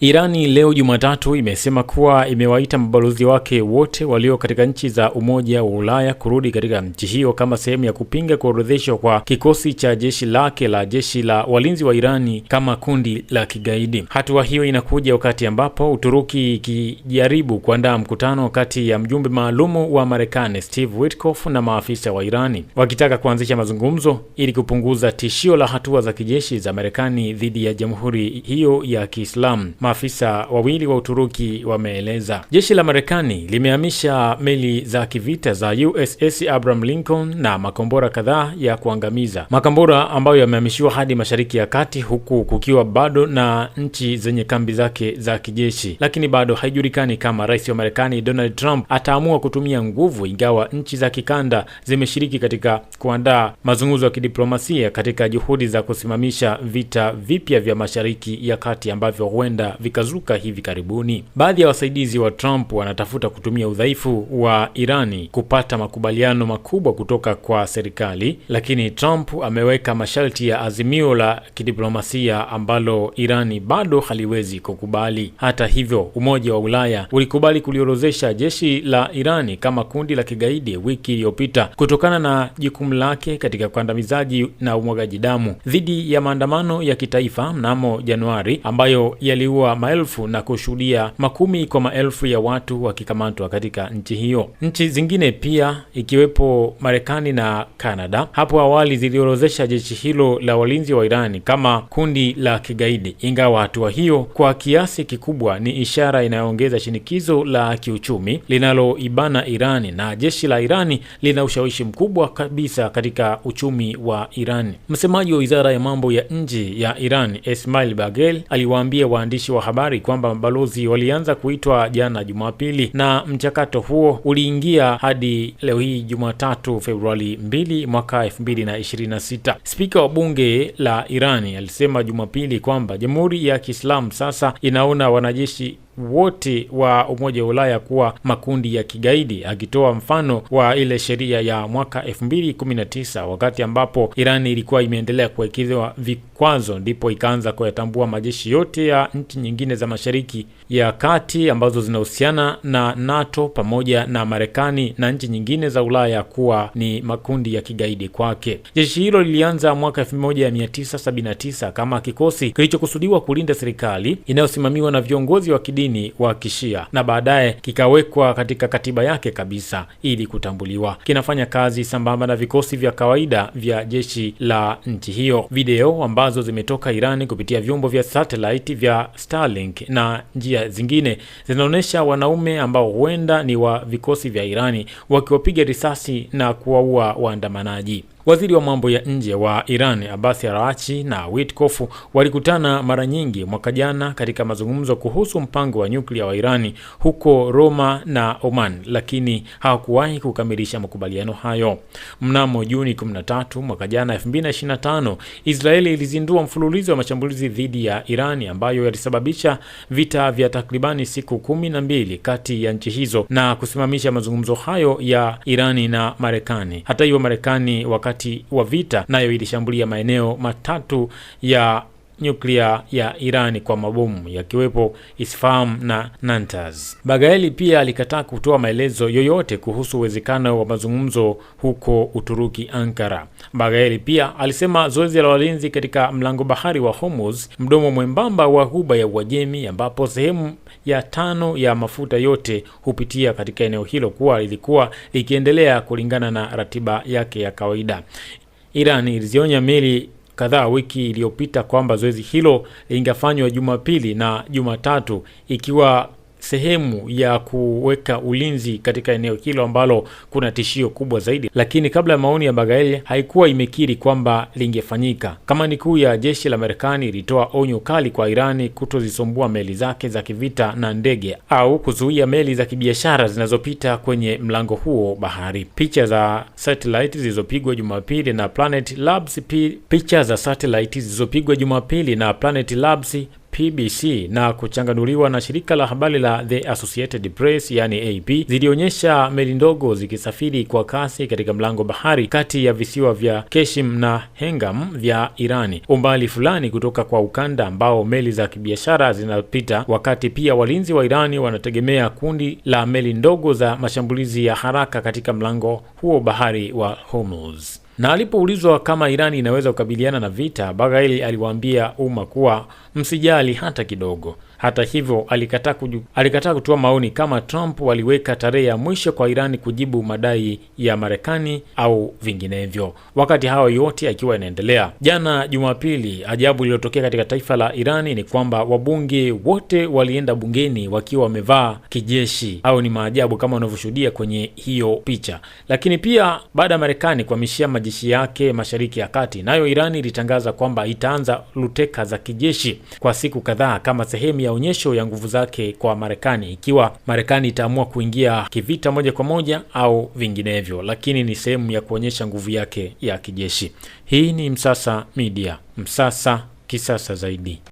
Irani leo Jumatatu imesema kuwa imewaita mabalozi wake wote walio katika nchi za Umoja wa Ulaya kurudi katika nchi hiyo kama sehemu ya kupinga kuorodheshwa kwa kikosi cha jeshi lake la jeshi la walinzi wa Irani kama kundi la kigaidi. Hatua hiyo inakuja wakati ambapo Uturuki ikijaribu kuandaa mkutano kati ya mjumbe maalumu wa Marekani Steve Witkoff na maafisa wa Irani wakitaka kuanzisha mazungumzo ili kupunguza tishio la hatua za kijeshi za Marekani dhidi ya jamhuri hiyo ya Kiislamu maafisa wawili wa Uturuki wameeleza. Jeshi la Marekani limehamisha meli za kivita za USS Abraham Lincoln na makombora kadhaa ya kuangamiza, makombora ambayo yamehamishiwa hadi Mashariki ya Kati, huku kukiwa bado na nchi zenye kambi zake za kijeshi, lakini bado haijulikani kama rais wa Marekani Donald Trump ataamua kutumia nguvu, ingawa nchi za kikanda zimeshiriki katika kuandaa mazungumzo ya kidiplomasia katika juhudi za kusimamisha vita vipya vya Mashariki ya Kati ambavyo huenda vikazuka hivi karibuni. Baadhi ya wasaidizi wa Trump wanatafuta kutumia udhaifu wa Irani kupata makubaliano makubwa kutoka kwa serikali, lakini Trump ameweka masharti ya azimio la kidiplomasia ambalo Irani bado haliwezi kukubali. Hata hivyo, Umoja wa Ulaya ulikubali kuliorozesha jeshi la Irani kama kundi la kigaidi wiki iliyopita kutokana na jukumu lake katika ukandamizaji na umwagaji damu dhidi ya maandamano ya kitaifa mnamo Januari ambayo yaliua kwa maelfu na kushuhudia makumi kwa maelfu ya watu wakikamatwa katika nchi hiyo. Nchi zingine pia ikiwepo Marekani na Kanada hapo awali ziliorozesha jeshi hilo la walinzi wa Irani kama kundi la kigaidi, ingawa hatua hiyo kwa kiasi kikubwa ni ishara inayoongeza shinikizo la kiuchumi linaloibana Irani, na jeshi la Irani lina ushawishi mkubwa kabisa katika uchumi wa Irani. Msemaji wa wizara ya mambo ya nje ya Irani, Esmail Bagel, aliwaambia waandishi wa habari kwamba mabalozi walianza kuitwa jana Jumapili na mchakato huo uliingia hadi leo hii Jumatatu Februari 2 mwaka 2026. Spika wa bunge la Irani alisema Jumapili kwamba Jamhuri ya Kiislamu sasa inaona wanajeshi wote wa Umoja wa Ulaya kuwa makundi ya kigaidi, akitoa mfano wa ile sheria ya mwaka 2019 wakati ambapo Irani ilikuwa imeendelea kuwekewa vikwazo, ndipo ikaanza kuyatambua majeshi yote ya nchi nyingine za Mashariki ya Kati ambazo zinahusiana na NATO pamoja na Marekani na nchi nyingine za Ulaya kuwa ni makundi ya kigaidi kwake. Jeshi hilo lilianza mwaka 1979 kama kikosi kilichokusudiwa kulinda serikali inayosimamiwa na viongozi wa kidini dini wa Kishia na baadaye kikawekwa katika katiba yake kabisa ili kutambuliwa. Kinafanya kazi sambamba na vikosi vya kawaida vya jeshi la nchi hiyo. Video ambazo zimetoka Irani kupitia vyombo vya satellite vya Starlink na njia zingine zinaonyesha wanaume ambao huenda ni wa vikosi vya Irani wakiwapiga risasi na kuwaua waandamanaji. Waziri wa mambo ya nje wa Iran Abbas Araghchi na Witkoff walikutana mara nyingi mwaka jana katika mazungumzo kuhusu mpango wa nyuklia wa Irani huko Roma na Oman, lakini hawakuwahi kukamilisha makubaliano hayo. Mnamo Juni 13 mwaka jana 2025, Israeli ilizindua mfululizo wa mashambulizi dhidi ya Irani ambayo yalisababisha vita vya takribani siku kumi na mbili kati ya nchi hizo na kusimamisha mazungumzo hayo ya Irani na Marekani. Hata hivyo, Marekani wakati wakati wa vita, nayo ilishambulia maeneo matatu ya nyuklia ya Irani kwa mabomu yakiwepo Isfahan na Natanz. Bagaeli pia alikataa kutoa maelezo yoyote kuhusu uwezekano wa mazungumzo huko Uturuki Ankara. Bagaeli pia alisema zoezi la walinzi katika mlango bahari wa Hormuz, mdomo mwembamba wa Ghuba ya Uajemi, ambapo sehemu ya tano ya mafuta yote hupitia katika eneo hilo, kuwa lilikuwa likiendelea kulingana na ratiba yake ya kawaida. Iran ilizionya meli kadhaa wiki iliyopita kwamba zoezi hilo lingefanywa Jumapili na Jumatatu ikiwa sehemu ya kuweka ulinzi katika eneo hilo ambalo kuna tishio kubwa zaidi, lakini kabla ya maoni ya bagael haikuwa imekiri kwamba lingefanyika. kamani kuu ya jeshi la Marekani ilitoa onyo kali kwa Irani kutozisumbua meli zake za kivita na ndege au kuzuia meli za kibiashara zinazopita kwenye mlango huo bahari. Picha za satellite zilizopigwa Jumapili na Planet Labs, picha za satellite zilizopigwa Jumapili na Planet Labs PBC na kuchanganuliwa na shirika la habari la The Associated Press yani AP, zilionyesha meli ndogo zikisafiri kwa kasi katika mlango bahari kati ya visiwa vya Keshim na Hengam vya Irani, umbali fulani kutoka kwa ukanda ambao meli za kibiashara zinapita, wakati pia walinzi wa Irani wanategemea kundi la meli ndogo za mashambulizi ya haraka katika mlango huo bahari wa Hormuz. Na alipoulizwa kama Irani inaweza kukabiliana na vita, Baghai aliwaambia umma kuwa msijali hata kidogo, hata hivyo, alikataa kuju... alikataa kutoa maoni kama Trump waliweka tarehe ya mwisho kwa Irani kujibu madai ya Marekani au vinginevyo. Wakati hayo yote akiwa inaendelea, jana Jumapili, ajabu lililotokea katika taifa la Irani ni kwamba wabunge wote walienda bungeni wakiwa wamevaa kijeshi. Au ni maajabu kama unavyoshuhudia kwenye hiyo picha. Lakini pia baada ya Marekani kuhamishia majeshi yake Mashariki ya Kati, nayo Irani ilitangaza kwamba itaanza luteka za kijeshi kwa siku kadhaa kama sehemu ya onyesho ya nguvu zake kwa Marekani ikiwa Marekani itaamua kuingia kivita moja kwa moja au vinginevyo, lakini ni sehemu ya kuonyesha nguvu yake ya kijeshi. Hii ni Msasa Media, Msasa kisasa zaidi.